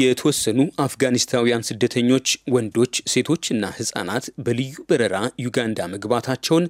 የተወሰኑ አፍጋኒስታውያን ስደተኞች ወንዶች፣ ሴቶችና ህጻናት በልዩ በረራ ዩጋንዳ መግባታቸውን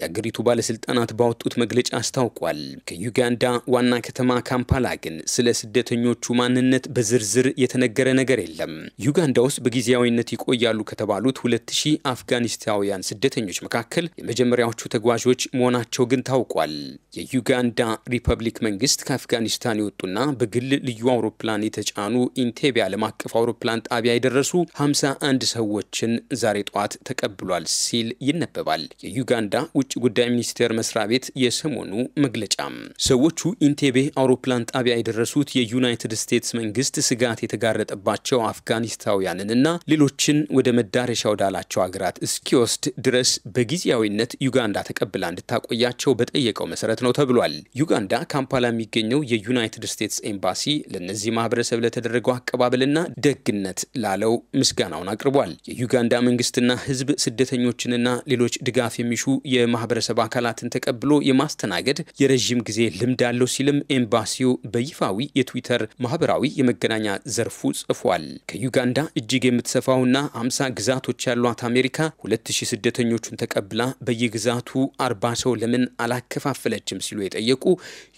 የአገሪቱ ባለስልጣናት ባወጡት መግለጫ አስታውቋል። ከዩጋንዳ ዋና ከተማ ካምፓላ ግን ስለ ስደተኞቹ ማንነት በዝርዝር የተነገረ ነገር የለም። ዩጋንዳ ውስጥ በጊዜያዊነት ይቆያሉ ከተባሉት ሁለት ሺህ አፍጋኒስታውያን ስደተኞች መካከል የመጀመሪያዎቹ ተጓዦች መሆናቸው ግን ታውቋል። የዩጋንዳ ሪፐብሊክ መንግስት ከአፍጋኒስታን የወጡና በግል ልዩ አውሮፕላን የተጫኑ ኢንቴ ሆዴይቤ ዓለም አቀፍ አውሮፕላን ጣቢያ የደረሱ 51 ሰዎችን ዛሬ ጠዋት ተቀብሏል ሲል ይነበባል የዩጋንዳ ውጭ ጉዳይ ሚኒስቴር መስሪያ ቤት የሰሞኑ መግለጫም። ሰዎቹ ኢንቴቤ አውሮፕላን ጣቢያ የደረሱት የዩናይትድ ስቴትስ መንግስት ስጋት የተጋረጠባቸው አፍጋኒስታውያንንና ሌሎችን ወደ መዳረሻ ወዳላቸው ሀገራት እስኪወስድ ድረስ በጊዜያዊነት ዩጋንዳ ተቀብላ እንድታቆያቸው በጠየቀው መሰረት ነው ተብሏል። ዩጋንዳ ካምፓላ የሚገኘው የዩናይትድ ስቴትስ ኤምባሲ ለእነዚህ ማህበረሰብ ለተደረገው አቀባ አቀባበልና ደግነት ላለው ምስጋናውን አቅርቧል። የዩጋንዳ መንግስትና ህዝብ ስደተኞችንና ሌሎች ድጋፍ የሚሹ የማህበረሰብ አካላትን ተቀብሎ የማስተናገድ የረዥም ጊዜ ልምድ አለው ሲልም ኤምባሲው በይፋዊ የትዊተር ማህበራዊ የመገናኛ ዘርፉ ጽፏል። ከዩጋንዳ እጅግ የምትሰፋውና 50 ግዛቶች ያሏት አሜሪካ 2000 ስደተኞቹን ተቀብላ በየግዛቱ አርባ ሰው ለምን አላከፋፈለችም ሲሉ የጠየቁ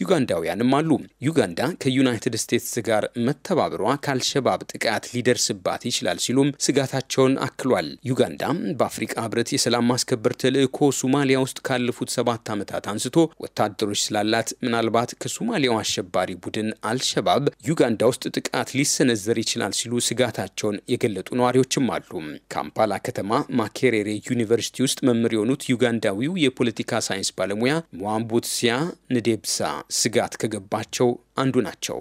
ዩጋንዳውያንም አሉ። ዩጋንዳ ከዩናይትድ ስቴትስ ጋር መተባበሯ ካል የአልሸባብ ጥቃት ሊደርስባት ይችላል ሲሉም ስጋታቸውን አክሏል። ዩጋንዳ በአፍሪቃ ህብረት የሰላም ማስከበር ተልዕኮ ሱማሊያ ውስጥ ካለፉት ሰባት ዓመታት አንስቶ ወታደሮች ስላላት ምናልባት ከሶማሊያው አሸባሪ ቡድን አልሸባብ ዩጋንዳ ውስጥ ጥቃት ሊሰነዘር ይችላል ሲሉ ስጋታቸውን የገለጡ ነዋሪዎችም አሉ። ካምፓላ ከተማ ማኬሬሬ ዩኒቨርሲቲ ውስጥ መምህር የሆኑት ዩጋንዳዊው የፖለቲካ ሳይንስ ባለሙያ ሟምቡትሲያ ንዴብሳ ስጋት ከገባቸው አንዱ ናቸው።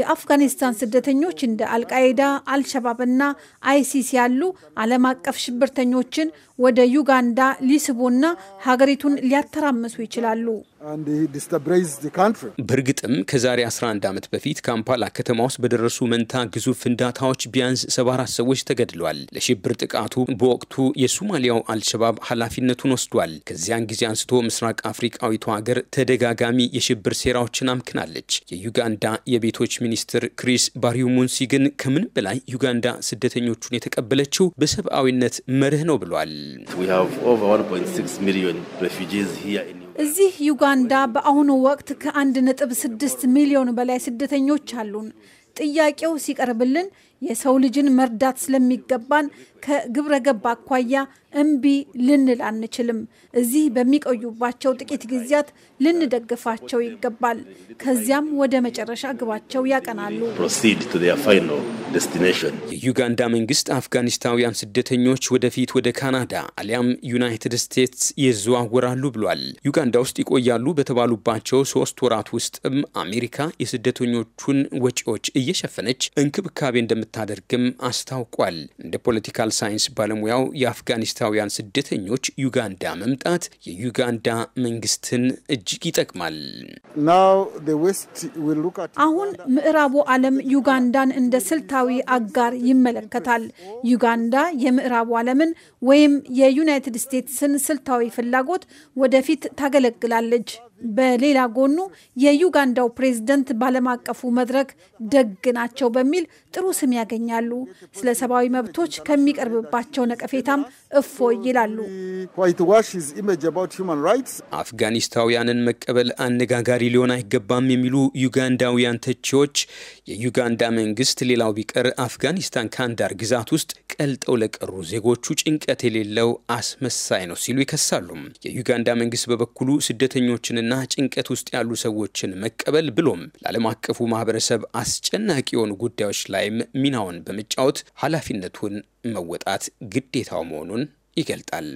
የአፍጋኒስታን ስደተኞች እንደ አልቃይዳ፣ አልሸባብና አይሲስ ያሉ ዓለም አቀፍ ሽብርተኞችን ወደ ዩጋንዳ ሊስቡና ሀገሪቱን ሊያተራምሱ ይችላሉ። በእርግጥም ከዛሬ 11 ዓመት በፊት ካምፓላ ከተማ ውስጥ በደረሱ መንታ ግዙፍ ፍንዳታዎች ቢያንስ 74 ሰዎች ተገድለዋል። ለሽብር ጥቃቱ በወቅቱ የሶማሊያው አልሸባብ ኃላፊነቱን ወስዷል። ከዚያን ጊዜ አንስቶ ምስራቅ አፍሪቃዊቷ ሀገር ተደጋጋሚ የሽብር ሴራዎችን አምክናለች። የዩጋንዳ የቤቶች ሚኒስትር ክሪስ ባሪሙንሲ ግን ከምን በላይ ዩጋንዳ ስደተኞቹን የተቀበለችው በሰብአዊነት መርህ ነው ብሏል። እዚህ ዩጋንዳ በአሁኑ ወቅት ከ1.6 ሚሊዮን በላይ ስደተኞች አሉን። ጥያቄው ሲቀርብልን የሰው ልጅን መርዳት ስለሚገባን ከግብረ ገብ አኳያ እምቢ ልንል አንችልም። እዚህ በሚቆዩባቸው ጥቂት ጊዜያት ልንደግፋቸው ይገባል። ከዚያም ወደ መጨረሻ ግባቸው ያቀናሉ። የዩጋንዳ መንግስት አፍጋኒስታውያን ስደተኞች ወደፊት ወደ ካናዳ አሊያም ዩናይትድ ስቴትስ ይዘዋወራሉ ብሏል። ዩጋንዳ ውስጥ ይቆያሉ በተባሉባቸው ሶስት ወራት ውስጥም አሜሪካ የስደተኞቹን ወጪዎች እየሸፈነች እንክብካቤ እንደምት እንደምታደርግም አስታውቋል። እንደ ፖለቲካል ሳይንስ ባለሙያው የአፍጋኒስታውያን ስደተኞች ዩጋንዳ መምጣት የዩጋንዳ መንግስትን እጅግ ይጠቅማል። አሁን ምዕራቡ ዓለም ዩጋንዳን እንደ ስልታዊ አጋር ይመለከታል። ዩጋንዳ የምዕራቡ ዓለምን ወይም የዩናይትድ ስቴትስን ስልታዊ ፍላጎት ወደፊት ታገለግላለች። በሌላ ጎኑ የዩጋንዳው ፕሬዝደንት ባለም አቀፉ መድረክ ደግ ናቸው በሚል ጥሩ ስም ያገኛሉ። ስለ ሰብአዊ መብቶች ከሚቀርብባቸው ነቀፌታም እፎ ይላሉ። አፍጋኒስታውያንን መቀበል አነጋጋሪ ሊሆን አይገባም የሚሉ ዩጋንዳውያን ተቺዎች የዩጋንዳ መንግስት ሌላው ቢቀር አፍጋኒስታን ከአንዳር ግዛት ውስጥ ቀልጠው ለቀሩ ዜጎቹ ጭንቀት የሌለው አስመሳይ ነው ሲሉ ይከሳሉ። የዩጋንዳ መንግስት በበኩሉ ስደተኞችንና ጭንቀት ውስጥ ያሉ ሰዎችን መቀበል ብሎም ለዓለም አቀፉ ማህበረሰብ አስጨናቂ የሆኑ ጉዳዮች ላይም ሚናውን በመጫወት ኃላፊነቱን መወጣት ግዴታው መሆኑን ይገልጣል።